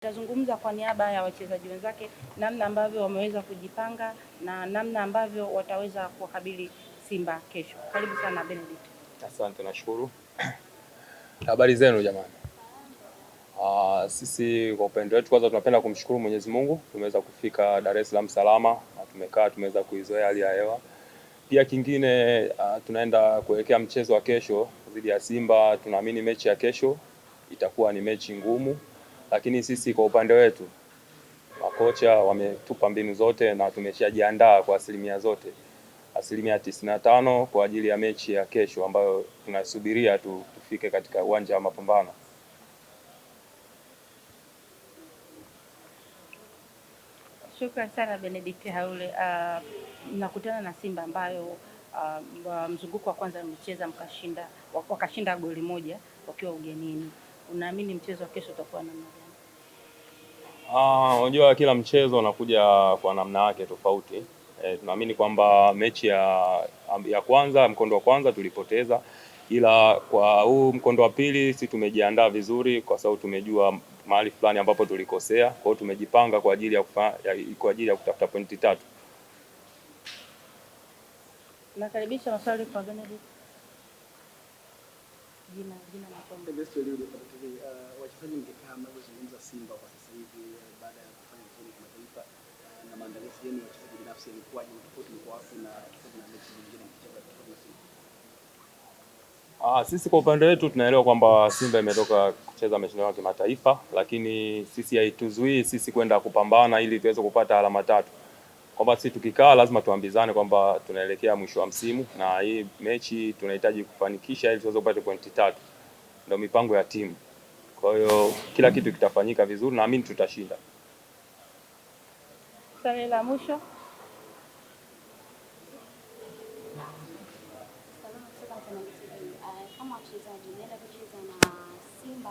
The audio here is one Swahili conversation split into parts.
Tazungumza kwa niaba ya wachezaji wenzake namna ambavyo wameweza kujipanga na namna ambavyo wataweza kuwakabili Simba kesho. Karibu sana Benedict. Asante, nashukuru. Habari zenu jamani. Aa, ah, sisi kwa upendo wetu kwanza tunapenda kumshukuru Mwenyezi Mungu tumeweza kufika Dar es Salaam salama na tumekaa tumeweza kuizoea hali ya hewa. Pia kingine uh, tunaenda kuelekea mchezo wa kesho dhidi ya Simba. Tunaamini mechi ya kesho itakuwa ni mechi ngumu lakini sisi kwa upande wetu makocha wametupa mbinu zote na tumeshajiandaa kwa asilimia zote, asilimia tisini na tano kwa ajili ya mechi ya kesho ambayo tunasubiria tu, tufike katika uwanja wa mapambano. Shukrani sana Benedict Haule. Uh, ah, nakutana na Simba ambayo uh, mzunguko wa kwanza mlicheza mkashinda, wakashinda goli moja wakiwa ugenini. Unaamini mchezo wa kesho utakuwa namna gani? Ah, unajua kila mchezo unakuja kwa namna yake tofauti. E, tunaamini kwamba mechi ya, ya kwanza mkondo wa kwanza tulipoteza, ila kwa huu mkondo wa pili si tumejiandaa vizuri, kwa sababu tumejua mahali fulani ambapo tulikosea. Kwa hiyo tumejipanga kwa ajili ya, ya, kwa ajili ya kutafuta pointi tatu. Nakaribisha maswali kwa Benedict jina jina uh, na kombe best leo ndio kwa TV wachezaji mngekaa mnazungumza Simba kwa sasa hivi eh, baada ya kufanya vizuri kwa mataifa eh, na maandalizi yenu wachezaji binafsi yalikuwa ni tofauti kwa wapi na kitu na mechi nyingine mkicheza kwa Simba. Ah, sisi kwa upande wetu tunaelewa kwamba Simba imetoka kucheza mashindano ya kimataifa, lakini sisi haituzuii sisi kwenda kupambana ili tuweze kupata alama tatu kwamba sisi tukikaa lazima tuambizane kwamba tunaelekea mwisho wa msimu na hii mechi tunahitaji kufanikisha ili tuweze kupata pointi tatu. Ndio mipango ya timu. Kwa hiyo kila kitu kitafanyika vizuri, naamini tutashinda. Swali la mwisho. Eh, kama wachezaji kucheza na Simba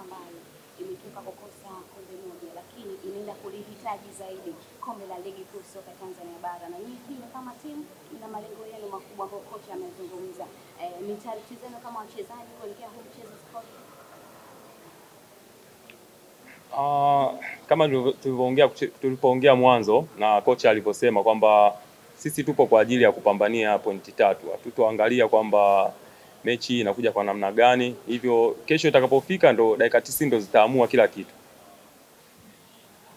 imetoka kukosa kombe moja, lakini inaenda kulihitaji zaidi kombe la ligi kuu soka Tanzania bara. Na nyinyi pia kama timu ina malengo yenu makubwa ambayo kocha amezungumza, eh, mentality zenu kama wachezaji kuelekea huu mchezo Uh, kama tulivyoongea tulipoongea mwanzo na kocha alivyosema kwamba sisi tupo kwa ajili ya kupambania pointi tatu, hatutoangalia kwamba mechi inakuja kwa namna gani. Hivyo kesho itakapofika, ndo dakika tisini ndo zitaamua kila kitu.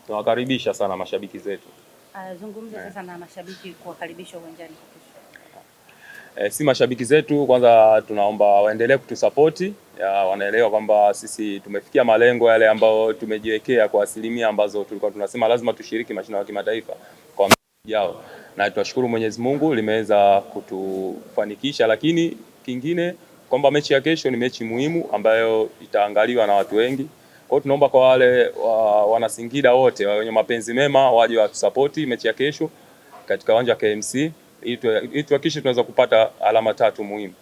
Tunawakaribisha sana mashabiki zetu. Ah, Zungumza sasa na mashabiki kuwakaribisha uwanjani E, si mashabiki zetu kwanza, tunaomba waendelee kutusapoti, wanaelewa kwamba sisi tumefikia malengo yale ambayo tumejiwekea kwa asilimia ambazo tulikuwa tunasema lazima tushiriki mashindano ya kimataifa kwa mjao, na tunashukuru Mwenyezi Mungu limeweza kutufanikisha, lakini kingine kwamba mechi ya kesho ni mechi muhimu ambayo itaangaliwa na watu wengi. Kwa hiyo tunaomba kwa wale wa, wanasingida wote wenye mapenzi mema waje watusapoti mechi ya kesho katika uwanja wa KMC ili tuhakikishe tunaweza kupata alama tatu muhimu.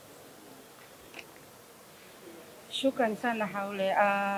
Shukrani sana Haule. Uh...